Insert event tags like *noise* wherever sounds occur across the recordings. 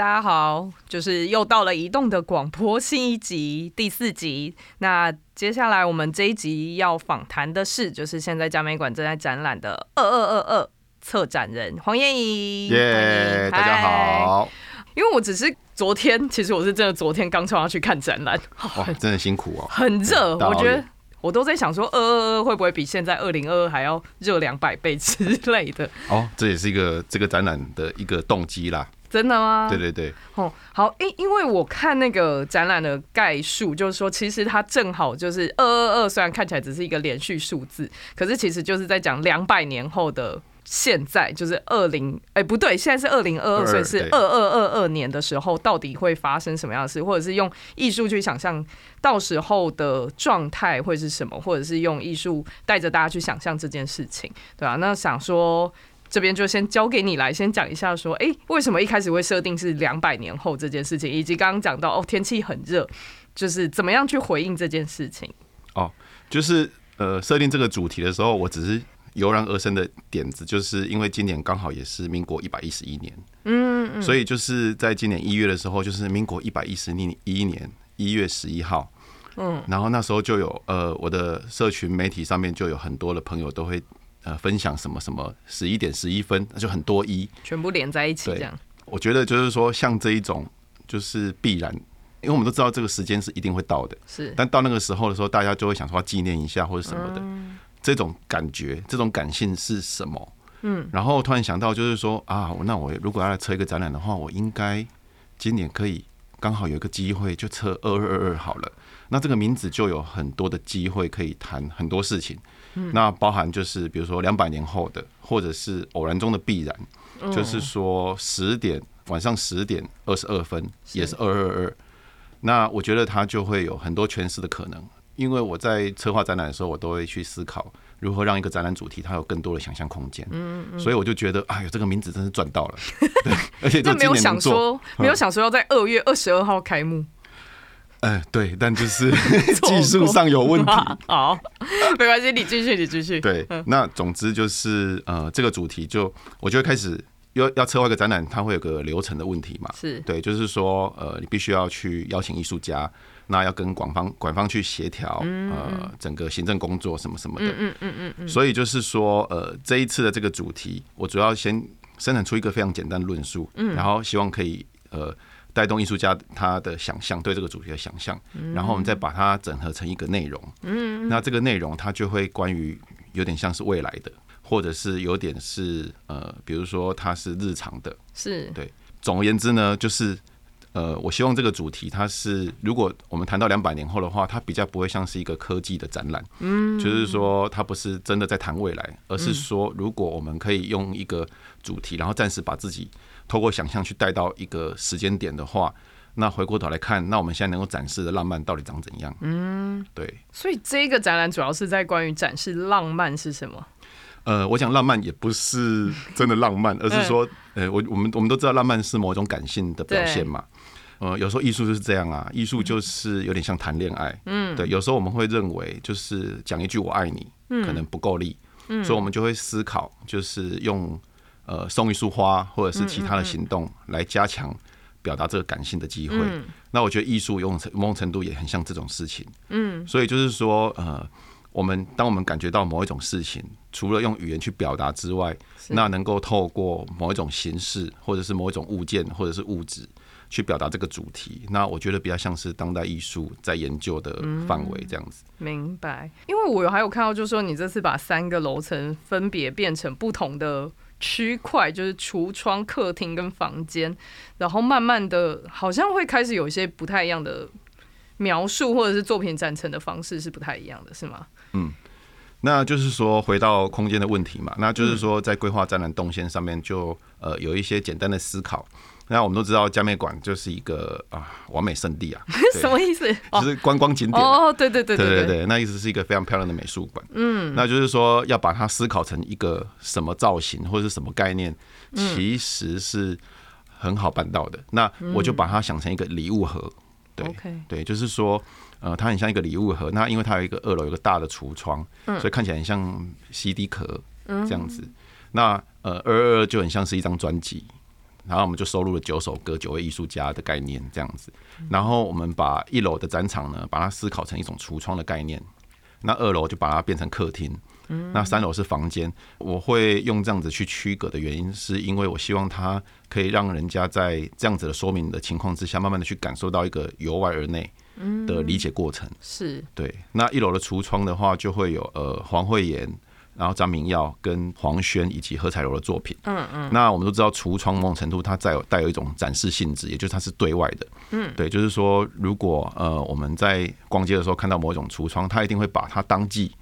大家好，就是又到了移動的廣播新一集第四集。那接下來我們這一集要訪談的是，就是現在嘉美館正在展覽的《二二二二》策展人黃彥穎。耶 Yeah,，Hi、大家好。因為我只是昨天，其實我是真的昨天剛衝上去看展覽，哇，真的辛苦哦，很熱熱。嗯、我覺得我都在想說，二二二會不會比現在二零二二還要熱兩百倍之類的？哦，這也是一個這個展覽的一個動機啦。真的嗎？對對對，哦，好，因因為我看那個展覽的概述，就是說，其實它正好就是二二二，雖然看起來只是一個連續數字，可是其實就是在講兩百年後的現在，就是二零，哎，不對，現在是二零二二，所以是二二二二年的時候，到底會發生什麼樣的事，對或者是用藝術去想象到時候的狀態會是什麼，或者是用藝術帶着大家去想象這件事情，對吧，對啊，那想說。這邊就先交給你來，先講一下說，哎、欸，為什麼一開始會設定是兩百年後這件事情，以及剛剛講到哦，天氣很熱，就是怎麼樣去回應這件事情。哦，就是呃，設定這個主題的時候，我只是油然而生的點子，就是因為今年剛好也是民國一百一十一年，嗯，嗯，所以就是在今年一月的時候，就是民國一百一十一年一月十一號，嗯，嗯，然後那時候就有呃，我的社群媒體上面就有很多的朋友都會。呃，分享什麼什麼十一點十一分，那就很多一全部連在一起這樣。我覺得就是說，像這一種就是必然，因為我們都知道這個時間是一定會到的。是，但到那個時候的時候，大家就會想說紀念一下或者什麼的，嗯、這種感覺，這種感性是什麼？嗯。然後突然想到，就是說啊，那我如果要來策一個展覽的話，我應該今年可以剛好有個機會就策二二二二好了。那這個名字就有很多的機會可以談很多事情，那包含就是比如說兩百年後的，或者是偶然中的必然，就是說十點晚上十點二十二分也是二二二，那我覺得它就會有很多詮釋的可能。因為我在策劃展覽的時候，我都會去思考如何讓一個展覽主題它有更多的想象空間。嗯所以我就覺得，哎呀，這個名字真是賺到了，而且都 *laughs* 沒有想說，沒有想說要在二月二十二號開幕。哎，呃、對，但就是技術上有問題。啊、好，沒關係，你繼續，你繼續。對，嗯、那總之就是呃，這個主題就，我就開始要要策劃一個展覽，它會有個流程的問題嘛？是對，就是說呃，你必須要去邀請藝術家，那要跟館方館方去協調，呃，整個行政工作什麼什麼的。嗯嗯嗯。所以就是說呃，這一次的這個主題，我主要先生產出一個非常簡單的論述，嗯，然後希望可以呃。帶動藝術家他的想象，對這個主題的想象，然後我們再把它整合成一個內容。嗯，那這個內容它就會關於有點像是未來的，或者是有點是呃，比如說它是日常的，是對。總而言之呢，就是呃，我希望這個主題它是，如果我們談到兩百年後的話，它比較不會像是一個科技的展覽，嗯，就是說它不是真的在談未來，而是說如果我們可以用一個主題，然後暫時把自己。透過想象去帶到一個時間點的話，那回過頭來看，那我們現在能夠展示的浪漫到底長怎樣？嗯，對。所以這個展覽主要是在關於展示浪漫是什麼？呃，我講浪漫也不是真的浪漫， *laughs* 對而是說，呃，我我們我們都知道浪漫是某一種感性的表現嘛。對呃，有時候藝術就是這樣啊，藝術就是有點像談戀愛。嗯，對。有時候我們會認為，就是講一句我愛你，嗯，可能不夠力。嗯，所以，我們就會思考，就是用。呃，送一束花，或者是其他的行動，來加強表達這個感性的機會。那我覺得藝術有某種程度也很像這種事情。嗯，所以就是說，呃，我們當我們感覺到某一種事情，除了用語言去表達之外，那能夠透過某一種形式，或者是某一種物件，或者是物質，去表達這個主題。那我覺得比較像是當代藝術在研究的範圍這樣子。嗯。明白，因為我有還有看到，就是說你這次把三個樓層分別變成不同的。區塊就是櫥窗、客廳跟房間，然後慢慢的，好像會開始有一些不太一樣的描述，或者是作品展陳的方式是不太一樣的，是嗎？嗯，那就是說回到空間的問題嘛，那就是說在規劃展覽動線上面就呃有一些簡單的思考。那我們都知道，加美館就是一個啊，完美聖地啊。什麼意思？就是觀光景點、啊。哦，對對對對對對，那意思是一個非常漂亮的美術館。嗯，那就是說，要把它思考成一個什麼造型或者是什麼概念，嗯、其實是很好辦到的。嗯、那我就把它想成一個禮物盒，嗯、對 Okay 對，就是說，呃，它很像一個禮物盒。那因為它有一個二樓有一個大的櫥窗，嗯、所以看起來很像 CD 殼這樣子。嗯、那呃，二二二就很像是一張專輯。然後我們就收錄了九首歌，九位藝術家的概念這樣子。然後我們把一樓的展場呢，把它思考成一種櫥窗的概念。那二樓就把它變成客廳。那三樓是房間。我會用這樣子去區隔的原因，是因為我希望它可以讓人家在這樣子的說明的情況之下，慢慢的去感受到一個由外而內的理解過程。是。對。那一樓的櫥窗的話，就會有呃黃慧妍。然後張明耀跟黃軒以及何彩柔的作品，嗯嗯，那我們都知道櫥窗某程度，它帶有帶有一種展示性質，也就是它是對外的，嗯，對，就是說如果呃我們在逛街的時候看到某一種櫥窗，它一定會把它當季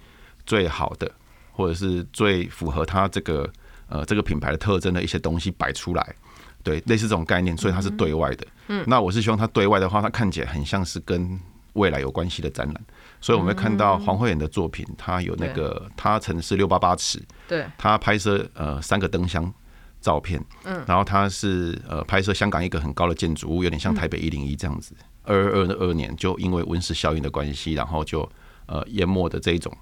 最好的，或者是最符合它這個呃這個品牌的特徵的一些東西擺出來，對，類似這種概念，所以它是對外的。嗯，嗯，那我是希望它對外的話，它看起來很像是跟。未來有關係的展覽，所以我們會看到黃慧妍的作品，他有那個他曾是六八八尺，對，他拍攝呃三個燈箱照片，嗯，然後他是呃拍攝香港一個很高的建築物，有點像台北一零一這樣子。二二二二年就因為溫室效應的關係，然後就呃淹沒的這一種，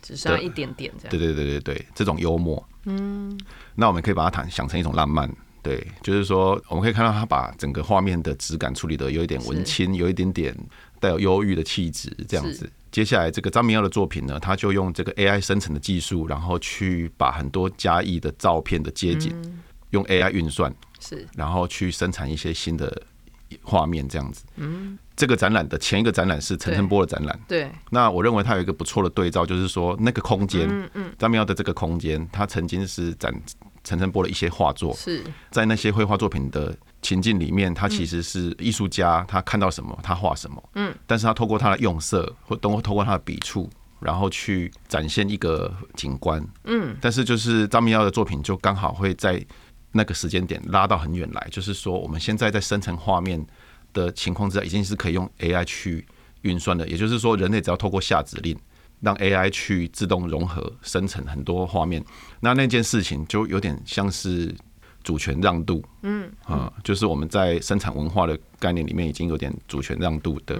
只是一點點，對對對對對，這種幽默，嗯，那我們可以把它談想成一種浪漫，對，就是說我們可以看到他把整個畫面的質感處理得有一點文青，有一點點。帶有憂鬱的氣質，這樣子。接下來這個張明耀的作品呢，他就用這個 AI 生成的技術，然後去把很多嘉義的照片的街景，用 AI 運算，是，然後去生產一些新的畫面，這樣子。嗯，這個展覽的前一個展覽是陳澄波的展覽，對。那我認為他有一個不錯的對照，就是說那個空間，嗯嗯，張明耀的這個空間，他曾經是展陳澄波的一些畫作，是在那些繪畫作品的情境裡面，他其實是藝術家，他看到什麼，他畫什麼。嗯，但是他透過他的用色，或通過透過他的筆觸，然後去展現一個景觀。嗯，但是就是張明耀的作品，就剛好會在那個時間點拉到很遠來，就是說，我們現在在生成畫面的情況之下，已經是可以用 AI 去運算的，也就是說，人類只要透過下指令，讓 AI 去自動融合生成很多畫面，那那件事情就有點像是。主權讓渡、嗯，嗯，啊、呃，就是我們在生產文化的概念裡面已經有點主權讓渡的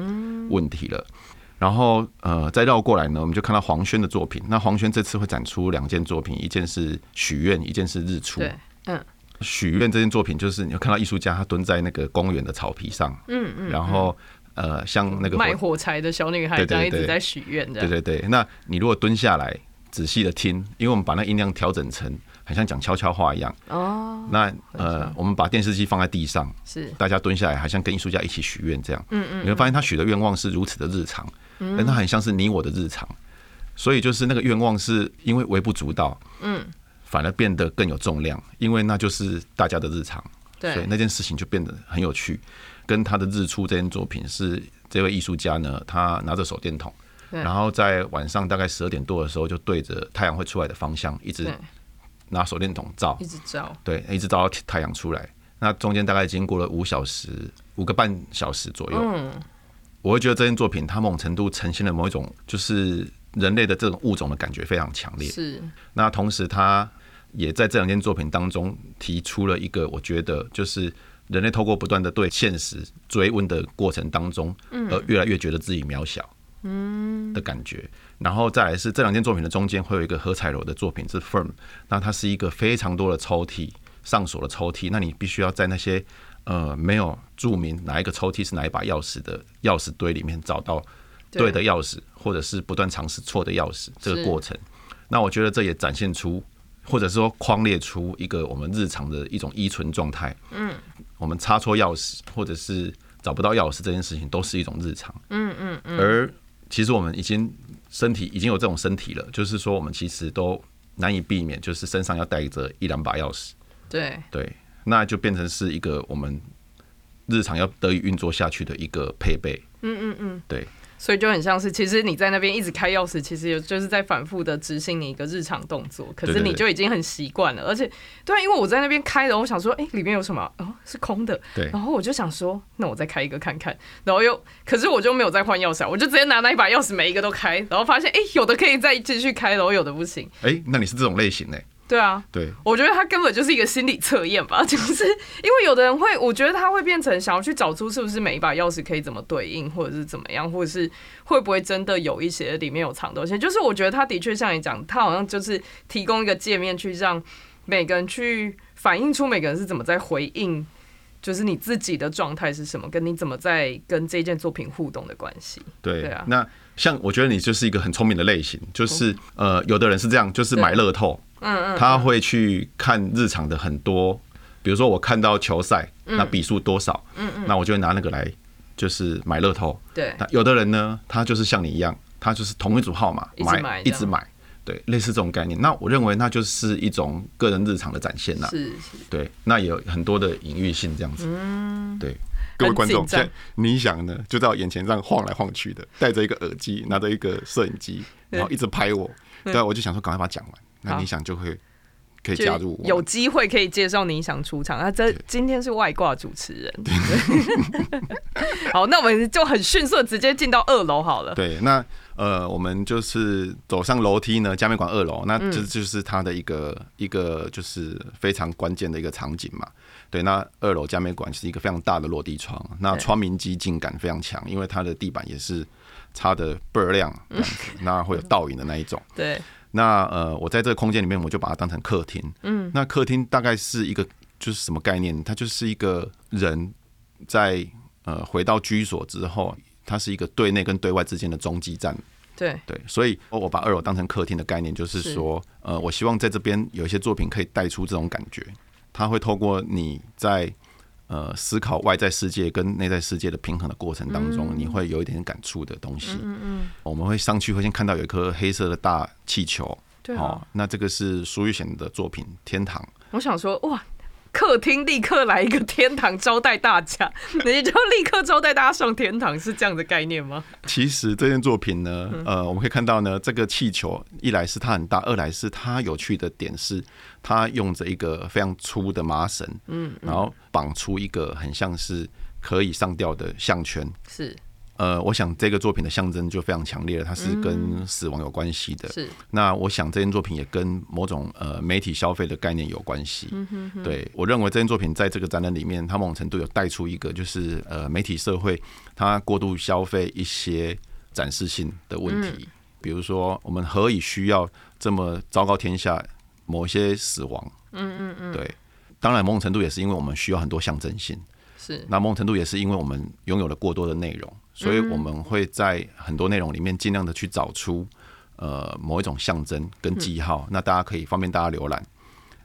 問題了。嗯、然後，呃，再繞過來呢，我們就看到黃軒的作品。那黃軒這次會展出兩件作品，一件是許願，一件是日出。嗯、許願這件作品就是你會看到藝術家他蹲在那個公園的草皮上，嗯嗯，嗯然後呃，像那個火賣火柴的小女孩一一直在許願的對對對對。對對對，那你如果蹲下來仔細的聽，因為我們把那音量調整成，很像講悄悄話一樣哦。那呃，我們把電視機放在地上，是大家蹲下來，好像跟藝術家一起許願這樣。嗯嗯。你會發現他許的願望是如此的日常，嗯，但他很像是你我的日常，所以就是那個願望是因為微不足道，嗯，反而變得更有重量，因為那就是大家的日常，對。所以那件事情就變得很有趣。跟他的日出這件作品是這位藝術家呢，他拿着手電筒，然後在晚上大概十二點多的時候，就對着太陽會出來的方向一直拿手電筒照，一直照，對，一直照到太陽出來。那中間大概經過了五小時，五個半小時左右。嗯，我會覺得這件作品，它某種程度呈現了某一種，就是人類的這種物種的感覺非常強烈。是。那同時，它也在這兩件作品當中提出了一個，我覺得就是人類透過不斷的對現實追問的過程當中，嗯，而越來越覺得自己渺小，嗯，的感覺。嗯嗯然後再來是這兩件作品的中間會有一個何彩柔的作品是 firm，那它是一個非常多的抽屜、上鎖的抽屜，那你必須要在那些呃沒有註明哪一個抽屜是哪一把鑰匙的鑰匙堆裡面找到對的鑰匙，對或者是不斷嘗試錯的鑰匙這個過程。是那我覺得這也展現出或者說框列出一個我們日常的一種依存狀態。嗯，我們插錯鑰匙或者是找不到鑰匙這件事情都是一種日常。嗯嗯嗯。嗯嗯而其實我們已經。身體已經有這種身體了，就是說我們其實都難以避免，就是身上要帶着一兩把鑰匙。對對，那就變成是一個我們日常要得以運作下去的一個配備。嗯嗯嗯，對。所以就很像是，其實你在那邊一直開鑰匙，其實也就是在反覆的執行你一個日常動作，可是你就已經很習慣了，對對對而且對，因為我在那邊開，然後我想說，哎，裡面有什麼？哦，是空的。對。然後我就想說，那我再開一個看看。然後又，可是我就沒有再換鑰匙，我就直接拿那一把鑰匙，每一個都開，然後發現，哎，有的可以再繼續開了，然後有的不行。哎，那你是這種類型呢？對啊，對，我覺得他根本就是一個心理測驗吧，就是因為有的人會，我覺得他會變成想要去找出是不是每一把鑰匙可以怎麼對應，或者是怎麼樣，或者是會不會真的有一些裡面有藏東西。就是我覺得他的確像你講，他好像就是提供一個界面去讓每個人去反映出每個人是怎麼在回應，就是你自己的狀態是什麼，跟你怎麼在跟這件作品互動的關係。對，對啊，那像我覺得你就是一個很聰明的類型，就是、oh. 呃，有的人是這樣，就是買樂透。嗯，他會去看日常的很多，比如說我看到球賽，那比數多少，嗯嗯，那我就會拿那個來，就是買樂透。對，有的人呢，他就是像你一樣，他就是同一組號碼買一直買，對，類似這種概念。那我認為那就是一種個人日常的展現吶，是是，對，那有很多的隱喻性這樣子，嗯，對，各位觀眾現在你想呢，就在我眼前這樣晃來晃去的，戴着一個耳機，拿着一個攝影機，然後一直拍我，對，我就想說趕快把它講完。你想就會可以加入，有機會可以介紹你想出場那、啊、這今天是外掛主持人，對對 *laughs* 好，那我們就很迅速直接進到二樓好了。對，那呃，我們就是走上樓梯呢，嘉美館二樓，那這就是它的一個、嗯、一個就是非常關鍵的一個場景嘛。對，那二樓嘉美館是一個非常大的落地窗，那窗明幾淨感非常強，對因為它的地板也是擦的倍兒亮，嗯、那會有倒影的那一種。對。那呃，我在這個空間裡面，我就把它當成客廳。嗯，那客廳大概是一個就是什麼概念？它就是一個人在呃回到居所之後，它是一個對內跟對外之間的中繼站。對對，所以我把二樓當成客廳的概念，就是說是呃，我希望在這邊有一些作品可以帶出這種感覺，它會透過你在。呃，思考外在世界跟內在世界的平衡的過程當中，你會有一點感觸的東西。嗯嗯嗯。我們會上去會先看到有一顆黑色的大氣球，哦。對啊，那這個是蘇玉賢的作品《天堂》。我想說，哇！客廳立刻來一個天堂招待大家，你就立刻招待大家上天堂，是這樣的概念嗎？其實這件作品呢，呃，我們可以看到呢，這個氣球一來是它很大，二來是它有趣的點是它用着一個非常粗的麻繩，嗯，然後綁出一個很像是可以上吊的項圈，嗯嗯、是。呃，我想這個作品的象徵就非常強烈了，它是跟死亡有關係的、嗯。是。那我想這件作品也跟某種呃媒體消費的概念有關係。嗯哼哼。對我認為這件作品在這個展覽裡面，它某種程度有帶出一個就是呃媒體社會它過度消費一些展示性的問題。嗯、比如說我們何以需要這麼昭告天下某一些死亡？嗯嗯嗯。對，當然某種程度也是因為我們需要很多象徵性。是。那某種程度也是因為我們擁有了過多的內容。所以我們會在很多內容裡面盡量的去找出，呃，某一種象徵跟記號，那大家可以方便大家瀏覽。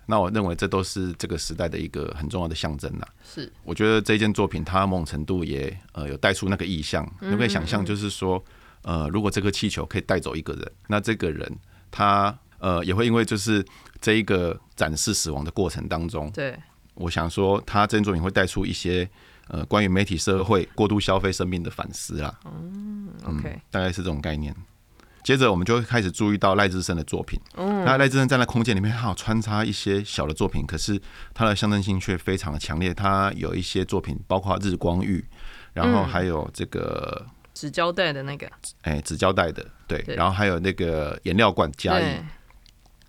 那我認為這都是這個時代的一個很重要的象徵啦。是，我覺得這件作品它某種程度也呃有帶出那個意象，你可以想象就是說，呃，如果這個氣球可以帶走一個人，那這個人他呃也會因為就是這一個展示死亡的過程當中，對，我想說他這件作品會帶出一些。呃，關於媒體社會過度消費生命的反思啊，嗯，OK，大概是這種概念。接着我們就會開始注意到賴志盛的作品，嗯，那賴志盛在那空間裡面，還有穿插一些小的作品，可是他的象徵性卻非常的強烈。他有一些作品，包括日光浴，然後還有這個紙膠帶的那個，哎，紙膠帶的，對，然後還有那個顏料罐加一。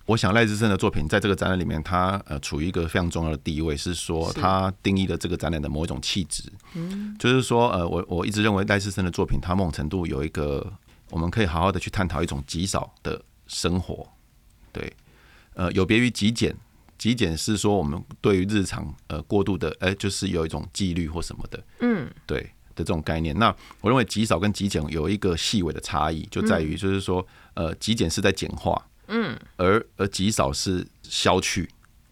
我想賴志盛的作品在這個展覽裡面，它呃處於一個非常重要的地位，是說它定義了這個展覽的某一種氣質。就是說呃，我我一直認為賴志盛的作品，它某種程度有一個我們可以好好的去探討一種極少的生活。對，呃，有別於極簡，極簡是說我們對於日常呃過度的，哎，就是有一種紀律或什麼的。嗯，對的這種概念。那我認為極少跟極簡有一個細微的差異，就在於就是說呃，極簡是在簡化。嗯，而而極少是消去。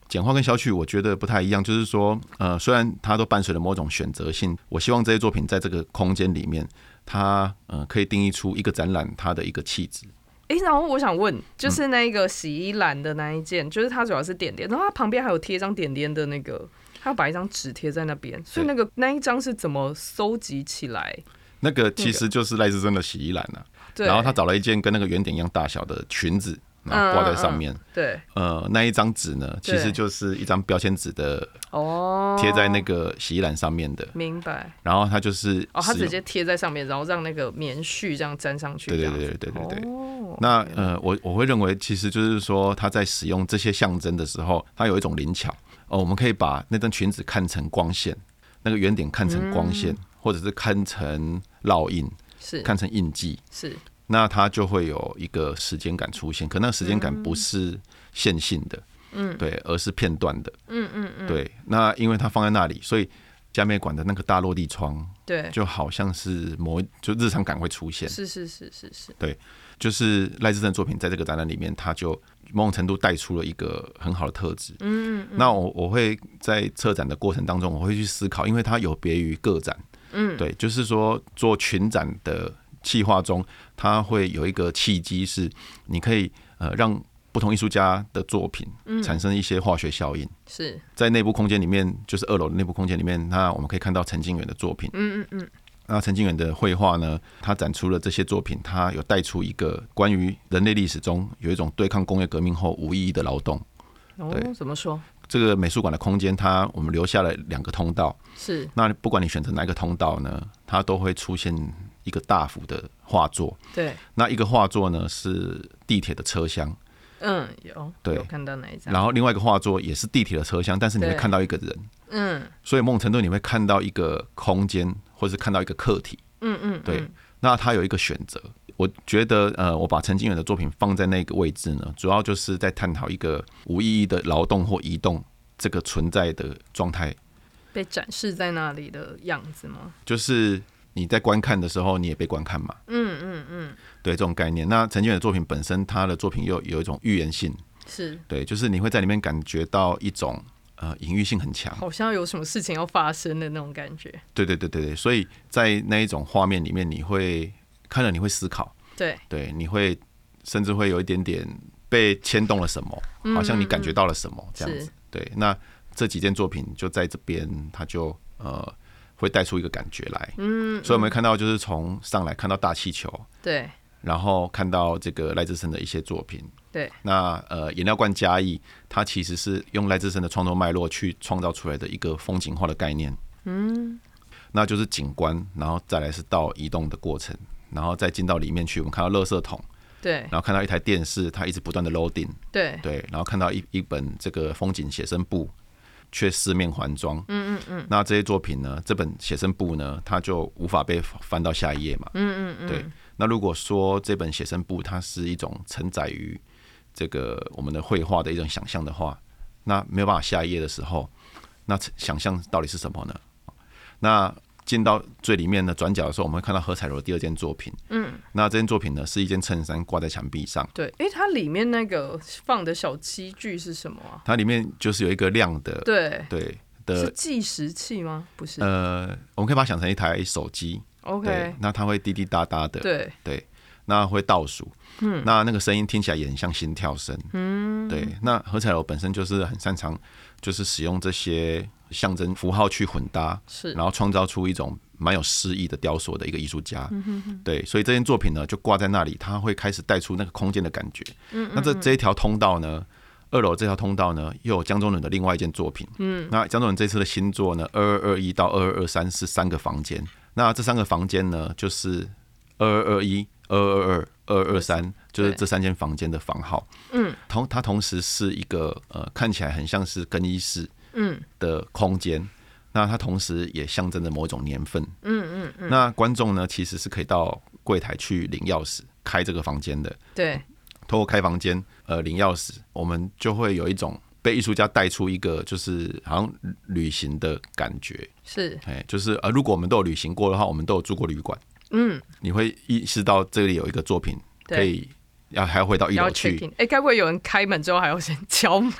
簡化跟消去我覺得不太一樣。就是說，呃，雖然它都伴隨着某種選擇性，我希望這些作品在這個空間裡面，它呃可以定義出一個展覽它的一個氣質。哎、欸，然後我想問，就是那個洗衣籃的那一件，嗯、就是它主要是點點，然後它旁邊還有貼一張點點的那個，它要把一張紙貼在那邊，對所以那個那一張是怎麼收集起來？那個其實就是賴志珍的洗衣籃，對、啊那個，然後他找了一件跟那個圓點一樣大小的裙子，然後掛在上面，嗯嗯、對，呃，那一張紙呢，其實就是一張標籤紙的，哦，貼在那個洗衣籃上面的，哦、明白。然後它就是哦，它直接貼在上面，然後讓那個棉絮這樣粘上去，對對對對對對。哦、那 okay. 呃，我我會認為，其實就是說，它在使用這些象徵的時候，它有一種靈巧。哦、呃，我們可以把那張裙子看成光線，那個圓點看成光線，嗯、或者是看成烙印，是看成印記，是。那它就會有一個時間感出現，可那時間感不是線性的，嗯，對，而是片段的，嗯嗯嗯，嗯嗯對。那因為它放在那裡，所以加美館的那個大落地窗，對，就好像是某，就日常感會出現，是是是是是，是是是是對，就是賴志正作品在這個展覽裡面，它就某種程度帶出了一個很好的特質，嗯，嗯，那我我會在策展的過程當中，我會去思考，因為它有別於個展，嗯，對，就是說做群展的。企劃中，它會有一個契機，是你可以呃讓不同藝術家的作品產生一些化學效應。嗯，是在內部空間裡面，就是二樓的內部空間裡面，那我們可以看到陳靜遠的作品嗯。嗯嗯嗯。那陳靜遠的繪畫呢，他展出了這些作品，他有帶出一個關於人類歷史中有一種對抗工業革命後無意義的勞動。哦，對 怎麼說？這個美術館的空間，它我們留下了兩個通道。是。那不管你選擇哪個通道呢，它都會出現。一個大幅的畫作，對，那一個畫作呢，是地鐵的車廂，嗯，有，對，看到哪一張？然後另外一個畫作也是地鐵的車廂，但是你會看到一個人，嗯對，所以夢城對，你會看到一個空間，或是看到一個客體，嗯嗯，對，嗯嗯、那他有一個選擇。我覺得，呃，我把陳敬元的作品放在那個位置呢，主要就是在探討一個無意義的勞動或移動，這個存在的狀態，被展示在那裡的樣子嗎？就是。你在觀看的時候，你也被觀看嘛？嗯嗯嗯嗯，對這種概念。那陳建的作品本身，他的作品又有一種預言性，是對，就是你會在裡面感覺到一種呃隱喻性很強，好像有什麼事情要發生的那種感覺。對對對對對，所以在那一種畫面裡面，你會看了你會思考，對對，你會甚至會有一點點被牽動了什麼，好像你感覺到了什麼這樣子。嗯嗯對，那這幾件作品就在這邊，他就呃。會帶出一個感覺來，嗯，嗯，所以我們看到，就是從上來看到大氣球，對，然後看到這個賴智深的一些作品，對，那呃，飲料罐加意，它其實是用賴智深的創作脈絡去創造出來的一個風景化的概念，嗯，那就是景觀，然後再來是到移動的過程，然後再進到裡面去，我們看到垃圾桶，對，然後看到一台電視，它一直不斷的 loading，對對，然後看到一一本這個風景寫生簿。卻四面環裝，嗯嗯嗯，那這些作品呢？這本寫生簿呢，它就無法被翻到下一頁嘛，嗯嗯嗯，對。那如果說，這本寫生簿它是一種承載於這個我們的繪畫的一種想象的話，那沒有辦法下一頁的時候，那想象到底是什麼呢？那進到最裡面的轉角的時候，我們會看到何彩柔第二件作品。嗯，那這件作品呢，是一件襯衫掛在牆壁上。對，哎、欸，它裡面那個放的小器具是什麼啊？它裡面就是有一個亮的。對對的。是計時器嗎？不是。呃，我們可以把它想成一台手機。OK。那它會滴滴答答的。對對，那會倒數。嗯。那那個聲音聽起來也很像心跳聲。嗯。對，那何彩柔本身就是很擅長，就是使用這些。象徵符號去混搭，是，然後創造出一種蠻有詩意的雕塑的一個藝術家，嗯、哼哼對，所以這件作品呢就掛在那裡，它會開始帶出那個空間的感覺。嗯嗯那這這一條通道呢，二樓這條通道呢，又有江中倫的另外一件作品。嗯，那江中倫這次的新作呢，二二二一到二二二三是三個房間。那這三個房間呢，就是二二二一、二二二二、二二二三，就是這三間房間的房號。嗯，同它同時是一個呃，看起來很像是更衣室。嗯，的空間，那它同時也象徵着某種年份。嗯嗯嗯。嗯嗯那觀眾呢，其實是可以到櫃檯去領鑰匙，開這個房間的。對。通過開房間，呃，領鑰匙，我們就會有一種被藝術家帶出一個就是好像旅行的感覺。是。哎、欸，就是呃，如果我們都有旅行過的話，我們都有住過旅館。嗯。你會意識到這裡有一個作品，對可以，要，還要回到一樓去。哎，該、欸、不會有人開門之後還要先敲門，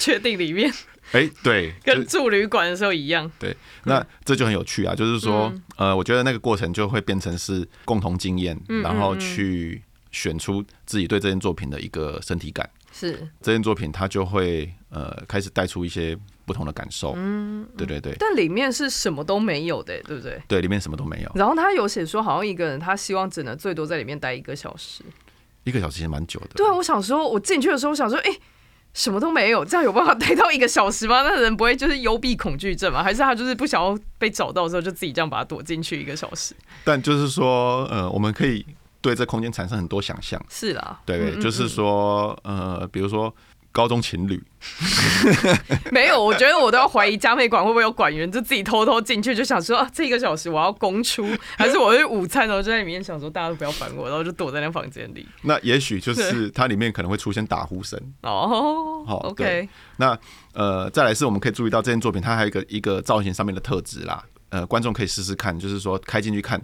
確 *laughs* 定裡面？ *laughs* 哎，欸、對，跟住旅館的時候一樣。對，那這就很有趣啊！就是說，呃，我覺得那個過程就會變成是共同經驗，然後去選出自己對這件作品的一個身體感。是這件作品，它就會呃開始帶出一些不同的感受。嗯，對對對。但裡面是什麼都沒有的，對不對？對，裡面什麼都沒有。然後他有寫說，好像一個人他希望只能最多在裡面待一個小時。一個小時也蠻久的。對啊，我想說，我進去的時候，我想說，哎。什麼都沒有，這樣有辦法待到一個小時嗎？那人不會就是幽閉恐懼症嗎？還是他就是不想要被找到的時候，就自己這樣把它躲進去一個小時？但就是說，呃，我們可以對這空間產生很多想象。是的，對，就是說，呃，比如說。高中情侶， *laughs* 沒有，我覺得我都要懷疑嘉美館會不會有館員就自己偷偷進去，就想說啊，這一個小時我要公出，還是我去午餐，然後就在裡面想說大家都不要煩我，然後就躲在那房間裡。那也許就是它裡面可能會出現打呼聲哦。好對、oh,，OK。那呃，再來是我們可以注意到這件作品，它還有一個一個造型上面的特質啦。呃，觀眾可以試試看，就是說開進去看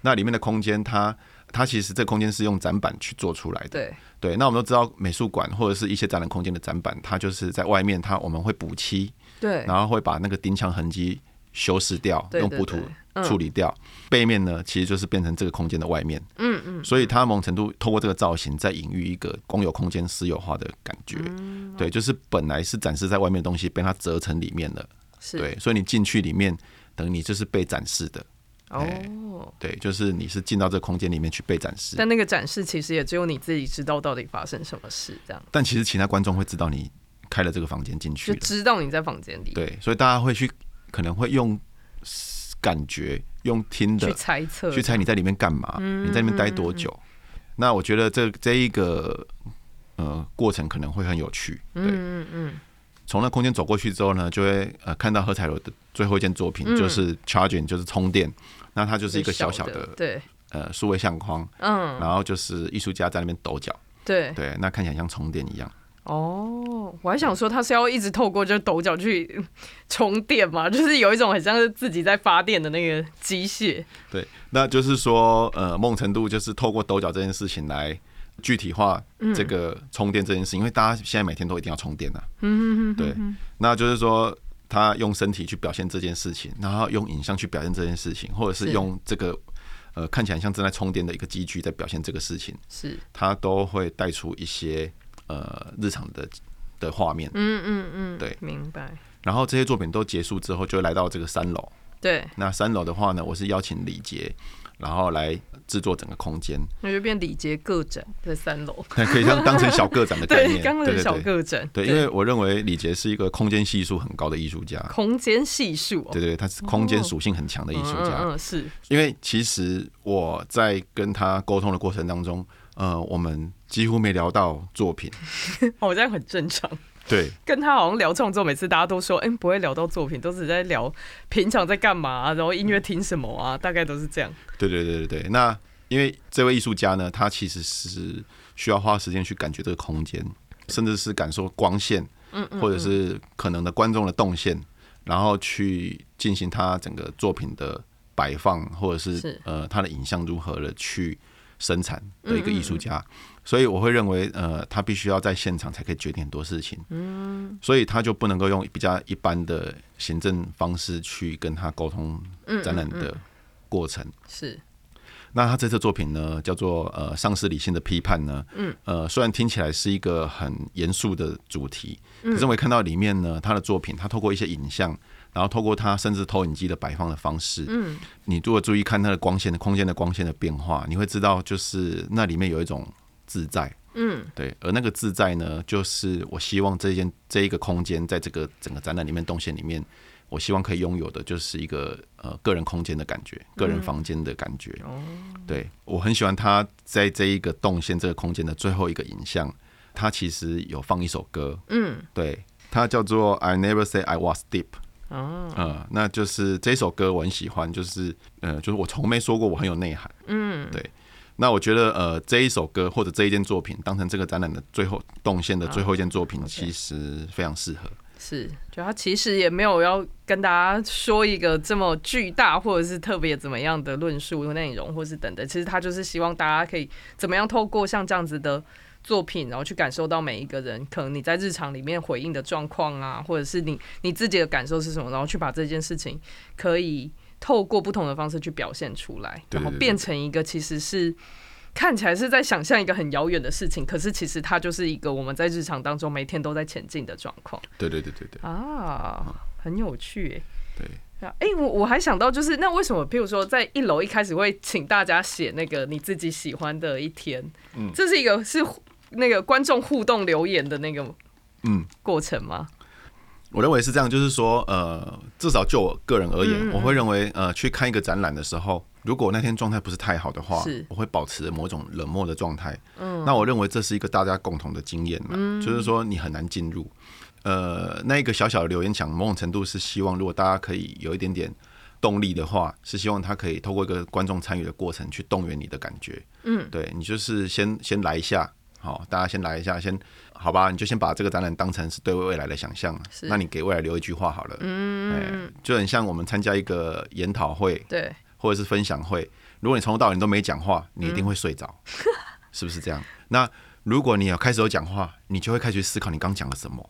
那裡面的空間，它它其實這個空間是用展板去做出來的。對。對，那我們都知道美術館或者是一些展覽空間的展板，它就是在外面，它我們會補漆，對，然後會把那個釘牆痕跡修飾掉，對對對，嗯、用補土處理掉。背面呢，其實就是變成這個空間的外面。嗯嗯。嗯，所以它某種程度透過這個造型，在隱喻一個公有空間私有化的感覺。嗯、對，就是本來是展示在外面的東西，被它折成裡面了。是對，所以你進去裡面，等於你就是被展示的。哦，欸、對，就是你是進到這個空間裡面去被展示，但那個展示其實也只有你自己知道到底發生什麼事這樣。但其實其他觀眾會知道你開了這個房間進去，就知道你在房間裡。對，所以大家會去可能會用感覺、用聽的去猜測，去，去猜你在裡面幹嘛，你在裡面待多久。嗯嗯嗯、那我覺得這這一個呃過程可能會很有趣。對，嗯嗯。從那空間走過去之後呢，就會呃看到何采柔的最後一件作品，就是 charging，就是充電。那它就是一個小小的，小的對、嗯，呃，數位相框，嗯，然後就是藝術家在那邊抖腳，對、嗯，對，那看起來像充電一樣。哦，我還想說，它是要一直透過就抖腳去呵呵充電嘛？就是有一種很像是自己在發電的那個機械。對，那就是說，呃，夢成度就是透過抖腳這件事情來具體化這個充電這件事，嗯嗯，因為大家現在每天都一定要充電啊。嗯嗯嗯，對，那就是說。他用身體去表現這件事情，然後用影像去表現這件事情，或者是用這個是呃看起來像正在充電的一個機具在表現這個事情，是。他都會帶出一些呃日常的的畫面，嗯嗯嗯，對，明白。然後這些作品都結束之後，就會來到這個三樓。對，那三樓的話呢，我是邀請李傑。然後來製作整個空間，那就變李杰個展在三樓，可以像當，當成小個展的概念，對，剛剛的小個展，對，對，因為我認為李杰是一個空間係數很高的藝術家，空間係數，對對，他是空間屬性很強的藝術家，嗯，是因為其實我在跟他溝通的過程當中，呃，我們幾乎沒聊到作品，我覺得很正常。對，跟他好像聊創作，每次大家都說，哎、欸，不會聊到作品，都是在聊平常在幹嘛、啊，然後音樂聽什麼啊，嗯、大概都是這樣。對對對對。那因為這位藝術家呢，他其實是需要花時間去感覺這個空間，對甚至是感受光線，嗯，或者是可能的觀眾的動線，嗯嗯嗯，然後去進行他整個作品的擺放，或者是，是呃他的影像如何的去生產的一個藝術家。嗯嗯嗯所以我會認為，呃，他必須要在現場才可以決定很多事情，嗯，所以他就不能夠用比較一般的行政方式去跟他溝通展覽的過程。嗯嗯嗯是，那他這次作品呢，叫做呃“喪失理性的批判”呢，嗯，呃，雖然聽起來是一個很嚴肅的主題，可是我認為看到裡面呢，他的作品，他透過一些影像，然後透過他甚至投影機的擺放的方式，嗯，你如果注意看他的光線的空間的光線的變化，你會知道，就是那裡面有一種。自在，嗯，對。而那個自在呢，就是我希望這件這一個空間，在這個整個展覽裡面動線裡面，我希望可以擁有的就是一個呃個人空間的感覺，個人房間的感覺。哦、嗯，對，我很喜歡他在這一個動線這個空間的最後一個影像，他其實有放一首歌，嗯，對，他叫做《I Never Said I Was Deep》。哦。哦、呃，那就是這首歌我很喜歡，就是呃，就是我從沒說過我很有內涵，嗯，對。那我覺得，呃，這一首歌或者這一件作品當成這個展覽的最後動線的最後一件作品，啊，其實非常適合。Okay. 是，就他其實也沒有要跟大家說一個這麼巨大或者是特別怎麼樣的論述內容，或是等等。其實他就是希望大家可以怎麼樣透過像這樣子的作品，然後去感受到每一個人可能你在日常裡面回應的狀況啊，或者是你你自己的感受是什麼，然後去把這件事情可以，透過不同的方式去表現出來，然後變成一個其實是看起來是在想象一個很遙遠的事情，可是其實它就是一個我們在日常當中每天都在前進的狀況。對對對對對，啊，很有趣誒。對。哎，我我還想到就是，那為什麼，譬如說，在一樓一開始會請大家寫那個你自己喜歡的一天？嗯，這是一個是那個觀眾互動留言的那個嗯過程嗎？我認為是這樣，就是說，呃，至少就我個人而言，我會認為，呃，去看一個展覽的時候，如果那天狀態不是太好的話，我會保持某種冷漠的狀態。嗯，那我認為這是一個大家共同的經驗嘛，就是說你很難進入。呃，那一個小小的留言牆，某種程度是希望，如果大家可以有一點點動力的話，是希望他可以透過一個觀眾參與的過程去動員你的感覺。嗯，對你就是先先來一下。好，大家先來一下，先好吧？你就先把這個展覽當成是對未來的想象。是那你給未來留一句話好了。嗯、欸，就很像我們參加一個研討會，對，或者是分享會。如果你從頭到尾你都沒講話，你一定會睡着，嗯、 *laughs* 是不是這樣？那如果你要開始有講話，你就會開始思考你剛講了什麼，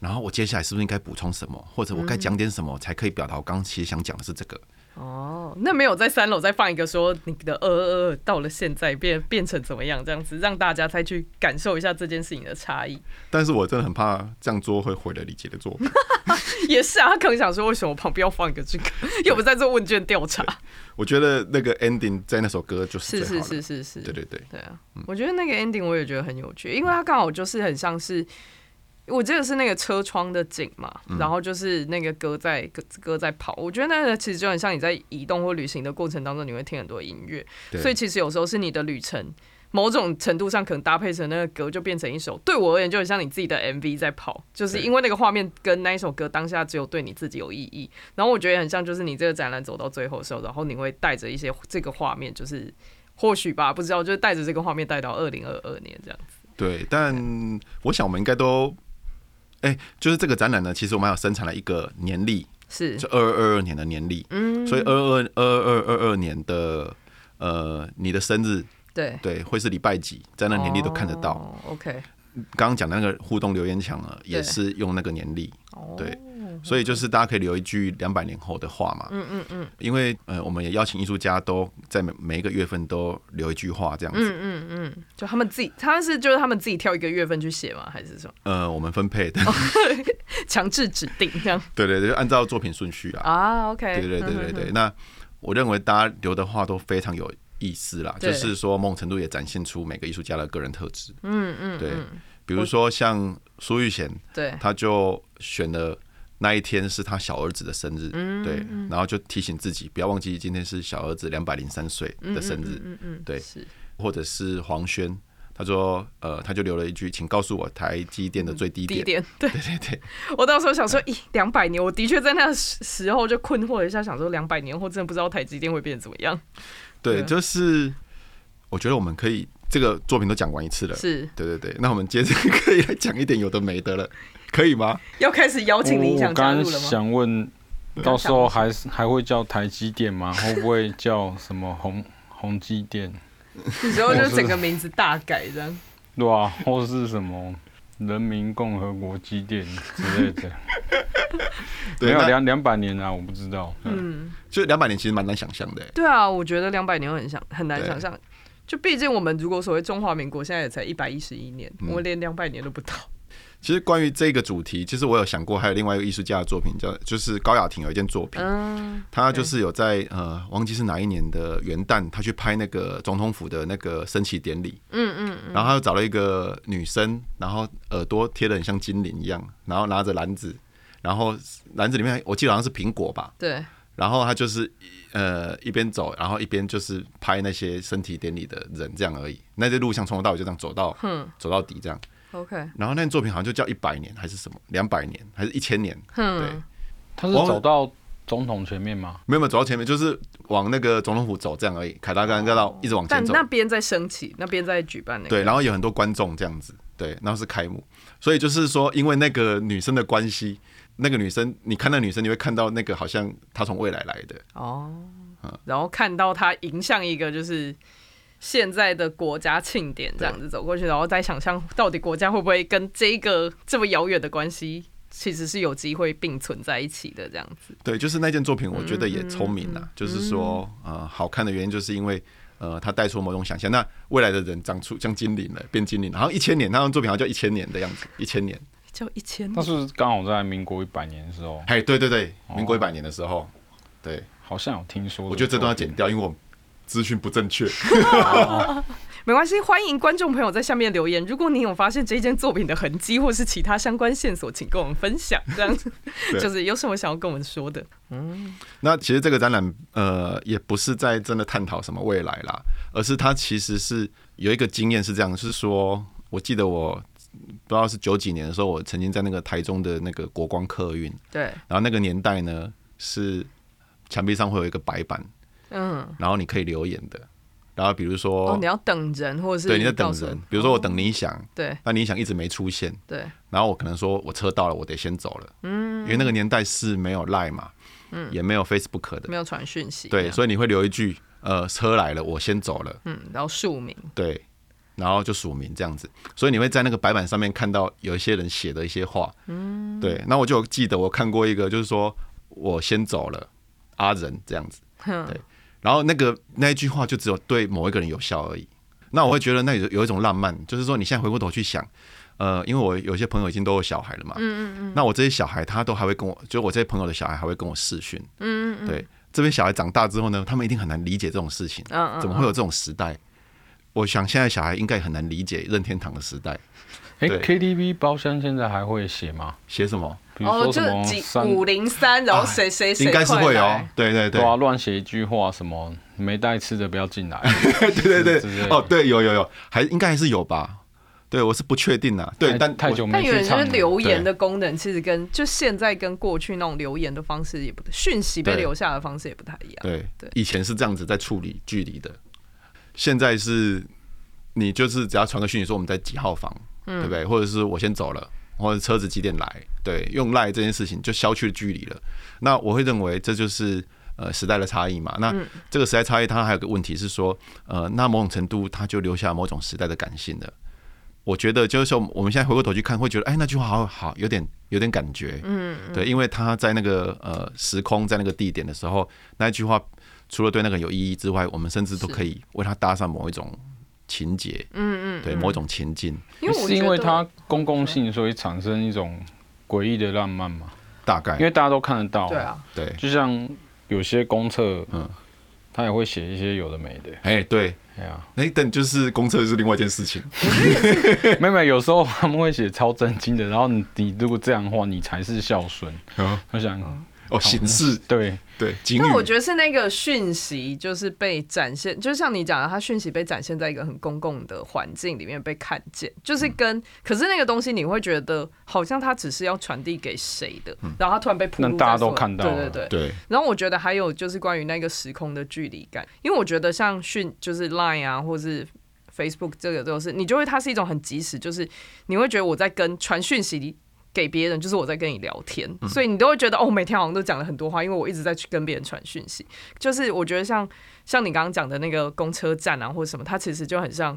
然後我接下來是不是應該補充什麼，或者我該講點什麼才可以表達我剛其實想講的是這個。哦，那沒有在三樓再放一個說你的2222，到了現在變變成怎麼樣這樣子，讓大家再去感受一下這件事情的差異。但是我真的很怕這樣做會毀了李杰的作品。 *laughs* 也是啊，他可能想說為什麼我旁邊要放一個這個，對又不是在做問卷調查。我覺得那個 ending 在那首歌就是是是是是是，對對對對啊，嗯、我覺得那個 ending 我也覺得很有趣，因為它剛好就是很像是。我記得是那個車窗的景嘛，然後就是那個歌在、嗯、歌歌在跑。我覺得那個其實就很像你在移動或旅行的過程當中，你會聽很多音樂。對所以其實有時候是你的旅程，某種程度上可能搭配成那個歌，就變成一首對我而言就很像你自己的 MV 在跑。就是因為那個畫面跟那一首歌當下只有對你自己有意義。然後我覺得也很像，就是你這個展覽走到最後的時候，然後你會帶着一些這個畫面，就是或許吧，不知道，就是帶着這個畫面帶到二二二二年這樣子。對，但我想我們應該都。哎、欸，就是這個展覽呢，其實我們還有生產了一個年曆，是就二二二二年的年曆，嗯，所以二二二二二二年的，呃，你的生日，對對，會是禮拜幾，在那年曆都看得到。Oh, OK，剛剛講的那個互動留言牆呢，也是用那個年曆，對。對所以就是大家可以留一句兩百年後的話嘛，嗯嗯嗯，因為呃我們也邀請藝術家都在每每一個月份都留一句話這樣子，嗯，嗯嗯就他們自己，他是就是他們自己挑一個月份去寫嘛，還是什麼？呃，我們分配的，強 *laughs* 制指定這樣，對對對，按照作品順序啊？啊，OK，對對對對對，對，那我認為大家留的話都非常有意思啦，就是說某種程度也展現出每個藝術家的個人特質，嗯嗯，對，比如說像蘇玉賢，對，他就選了。那一天是他小兒子的生日，嗯、對，然後就提醒自己、嗯、不要忘記今天是小兒子兩百零三歲的生日，嗯嗯嗯嗯、對，是或者是黃軒，他說，呃，他就留了一句，請告訴我台積電的最低點，嗯、低點對，對對對，我到時候想說，一兩百年，我的確在那時候就困惑一下，想說兩百年，或真的不知道台積電會變怎麼樣，對，對就是，我覺得我們可以這個作品都講完一次了，是，對對對，那我們接着可以來講一點有的沒的了。 *laughs* 可以嗎？要開始邀請你想加入了嗎？我剛想問，到時候還還會叫台積電嗎？對會不會叫什麼紅 *laughs* 紅積電？你之後就整個名字大改這樣。 *laughs* 對啊，或是什麼人民共和國積電之類的。 *laughs* 那沒有兩，兩兩百年啊，我不知道。嗯，就兩百年其實蠻難想象的、欸。對啊，我覺得兩百年很想很難想象。對就畢竟我們如果所謂中華民國現在也才一百一十一年，嗯、我連兩百年都不到。其實關於這個主題，其實我有想過，還有另外一個藝術家的作品，叫就是高雅婷有一件作品，她、嗯 okay、就是有在呃忘記是哪一年的元旦，她去拍那個總統府的那個升旗典禮，嗯，嗯嗯，然後她又找了一個女生，然後耳朵貼的很像精靈一樣，然後拿着籃子，然後籃子裡面我記得好像是蘋果吧，對，然後她就是呃一邊走，然後一邊就是拍那些升旗典禮的人這樣而已，那些、個、錄像從頭到尾就這樣走到，嗯，走到底這樣。OK，然後那件作品好像就叫一百年還是什麼，兩百年還是一千年？嗯、對，他是走到總統前面嗎？沒有沒有走到前面，就是往那個總統府走這樣而已。凱達格蘭大道一直往前走，走、哦、但那邊在升起，那邊在舉辦那個。對，然後有很多觀眾這樣子，對，然後是開幕。嗯、所以就是說，因為那個女生的關係，那個女生，你看那女生，你會看到那個好像她從未來來的哦，嗯、然後看到她迎向一個就是。現在的國家慶典這樣子走過去，對然後再想象到底國家會不會跟這個這麼遙遠的關係，其實是有機會並存在一起的這樣子。對，就是那件作品，我覺得也聰明了。嗯、就是說，呃，好看的原因就是因為，呃，他帶出某種想象。嗯、那未來的人長出像精靈了，變精靈。然後一千年，那張作品好像叫一千年的樣子，一千年叫一千。但是剛好在民國一百年的時候。嘿，對對對，民國一百年的時候，哦、對，好像有聽說的。我覺得這段要剪掉，因為我。資訊不正確， *laughs* *laughs* 沒關係。歡迎觀眾朋友在下面留言。如果你有發現這件作品的痕迹，或是其他相關線索，請跟我們分享。這樣子， *laughs* 對，就是有什麼想要跟我們說的。嗯，那其實這個展覽，呃，也不是在真的探討什麼未來啦，而是它其實是有一個經驗是這樣，是說，我記得我不知道是九幾年的時候，我曾經在那個台中的那個國光客運，對，然後那個年代呢，是牆壁上會有一個白板。嗯，然後你可以留言的，然後比如說哦，你要等人或者是對，你在等人，比如說我等理想，對，那理想一直沒出現，對，然後我可能說我車到了，我得先走了，嗯，因為那個年代是沒有賴嘛，嗯，也沒有 Facebook 的，沒有傳訊息，對，所以你會留一句，呃，車來了，我先走了，嗯，然後署名，對，然後就署名這樣子，所以你會在那個白板上面看到有一些人寫的一些話，嗯，對，那我就記得我看過一個，就是說我先走了，阿仁這樣子，對。然後那個那一句話就只有對某一個人有效而已。那我會覺得那有有一種浪漫，就是說你現在回過頭去想，呃，因為我有些朋友已經都有小孩了嘛，嗯嗯嗯，那我這些小孩他都還會跟我，就我這些朋友的小孩還會跟我視訊，嗯嗯，對，這邊小孩長大之後呢，他們一定很難理解這種事情，怎麼會有這種時代？嗯嗯，我想現在小孩應該很難理解任天堂的時代。哎，KTV 包廂現在還會寫嗎？寫什麼？比如說什麼五零三，然後誰誰誰，應該是會有。對對對，對啊，亂寫一句話什麼？沒帶吃的不要進來。對對對，哦，對，有有有，還應該還是有吧？對我是不確定的。對，但太久沒去唱。但有人留言的功能其實跟就現在跟過去那種留言的方式也不，訊息被留下的方式也不太一樣。對對，以前是這樣子在處理距離的，現在是你就是只要傳個訊息說我們在幾號房。對不對？或者是我先走了，或者車子幾點來？對，用賴這件事情就消去了距離了。那我會認為這就是呃時代的差異嘛。那這個時代差異，它還有個問題是說，呃，那某種程度它就留下某種時代的感性了。我覺得就是說，我們現在回過頭去看，會覺得哎、欸，那句話好好，有點有點感覺。嗯，嗯，對，因為他在那個呃時空在那個地點的時候，那句話除了對那個有意義之外，我們甚至都可以為他搭上某一種。情節，嗯嗯，對，某種情境，因為是因為它公共性，所以產生一種詭異的浪漫嘛？大概，因為大家都看得到，對啊，對，就像有些公廁，嗯，他也會寫一些有的沒的，哎、欸，對，哎呀、啊，哎、欸，但就是公廁是另外一件事情。 *laughs* *laughs* 妹妹有時候他們會寫超正經的，然後你如果這樣的話，你才是孝順。我、嗯、想。嗯哦，好形式對是對，那魚我覺得是那個訊息就是被展現，就像你講的，它訊息被展現在一個很公共的環境裡面被看見，就是跟、嗯、可是那個東西你會覺得好像它只是要傳遞給誰的，嗯、然後它突然被、嗯，那大家都看到，對對對對。對然後我覺得還有就是關於那個時空的距離感，因為我覺得像訊就是 Line 啊，或是 Facebook 這個都是，你就會它是一種很即時，就是你會覺得我在跟傳訊息。給別人，就是我在跟你聊天，所以你都會覺得哦，每天好像都講了很多話，因為我一直在去跟別人傳訊息。就是我覺得像像你剛剛講的那個公車站啊，或者什麼，它其實就很像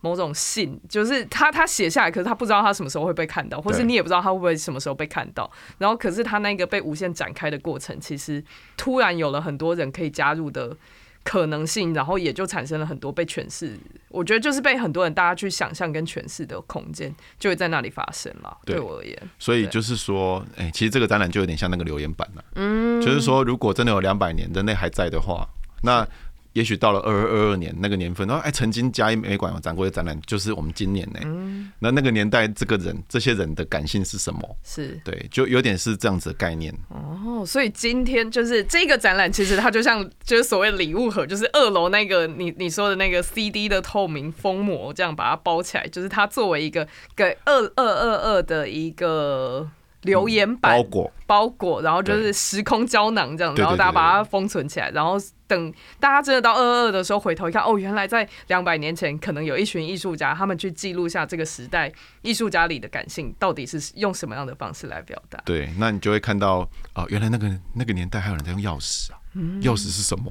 某種信，就是它它寫下來，可是它不知道它什麼時候會被看到，或是你也不知道它會不會什麼時候被看到。然後可是它那個被無限展開的過程，其實突然有了很多人可以加入的。可能性，然後也就產生了很多被詮釋。我覺得就是被很多人大家去想象跟詮釋的空間，就會在那裡發生了。對，對我而言，所以就是說，哎、欸，其實這個展覽就有點像那個留言板了。嗯，就是說，如果真的有兩百年人類還在的話，那。也許到了二二二二年那個年份，說哎，曾經嘉義美術館有展過的展覽，就是我們今年呢。嗯、那那個年代，這個人這些人的感性是什麼？是，對，就有點是這樣子的概念。哦，所以今天就是這個展覽，其實它就像就是所謂禮物盒，就是二樓那個你你說的那個 CD 的透明封膜，這樣把它包起來，就是它作為一個給二二二二的一個。留言板包裹，嗯、包裹，包裹，然後就是時空膠囊這樣，對然後大家把它封存起來，對對對對，然後等大家真的到二二的時候回頭一看，哦，原來在兩百年前，可能有一群藝術家，他們去記錄下這個時代藝術家裡的感性，到底是用什麼樣的方式來表達？對，那你就會看到哦，原來那個那個年代還有人在用鑰匙啊，嗯、鑰匙是什麼？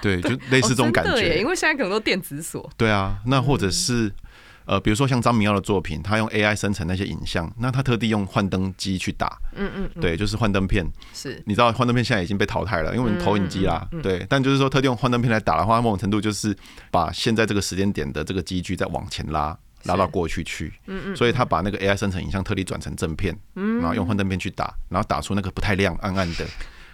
*laughs* 對， *laughs* 對，就類似這種感覺，哦，因為現在可能都電子鎖。對啊，那或者是。嗯呃，比如說像張明耀的作品，他用 AI 生成那些影像，那他特地用幻燈機去打，嗯，嗯嗯，對，就是幻燈片，是你知道幻燈片現在已經被淘汰了，因為我們投影機啦，嗯嗯嗯嗯對，但就是說特地用幻燈片來打的話，他某種程度就是把現在這個時間點的這個機具再往前拉，拉到過去去，嗯嗯是，所以他把那個 AI 生成影像特地轉成正片，嗯，然後用幻燈片去打，然後打出那個不太亮、暗暗的，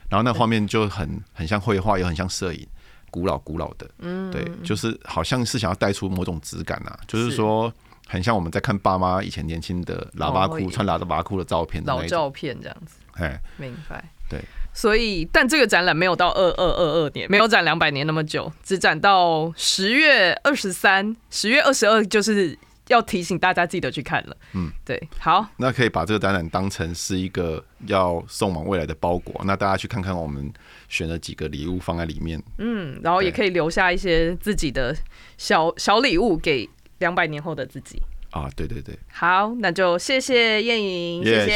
然後那畫面就很很像繪畫，又很像攝影。古老古老的，嗯，嗯，嗯、對，就是好像是想要帶出某種質感啊。是就是說，很像我們在看爸媽以前年輕的喇叭褲、哦、穿喇叭褲的照片的，老照片這樣子。哎嘿，明白。對，所以，但這個展覽沒有到二二二二年，沒有展兩百年那麼久，只展到十月二十三，十月二十二就是。要提醒大家記得去看了，嗯，對，好，那可以把這個展覽當成是一個要送往未來的包裹，那大家去看看我們選了幾個禮物放在裡面，嗯，然後也可以留下一些自己的小對小禮物給兩百年後的自己，啊，對對對，好，那就謝謝彥穎，yeah, 謝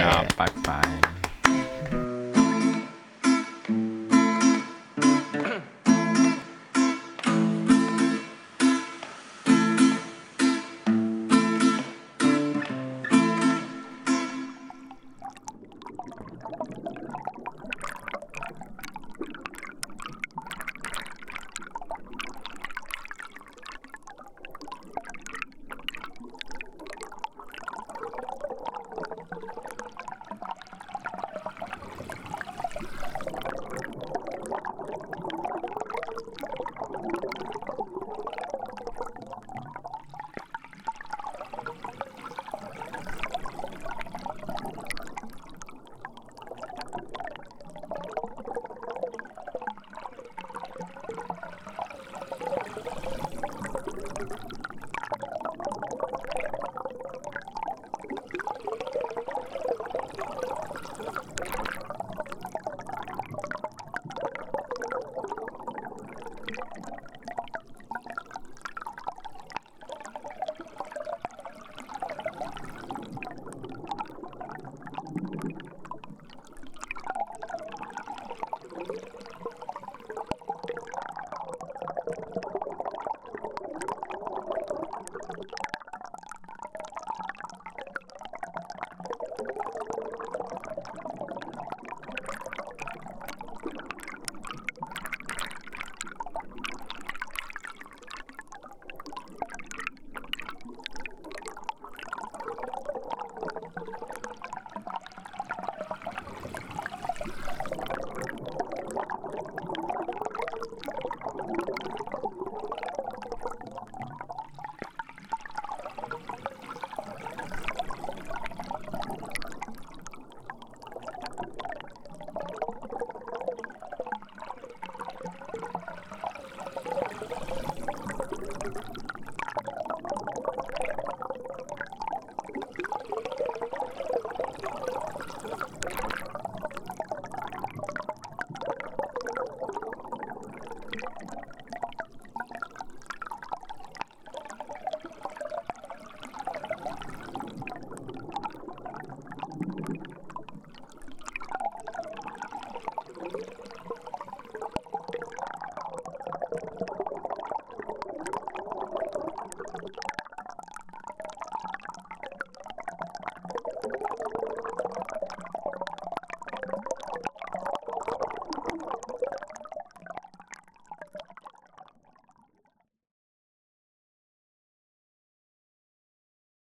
謝，好謝謝，拜拜，okay。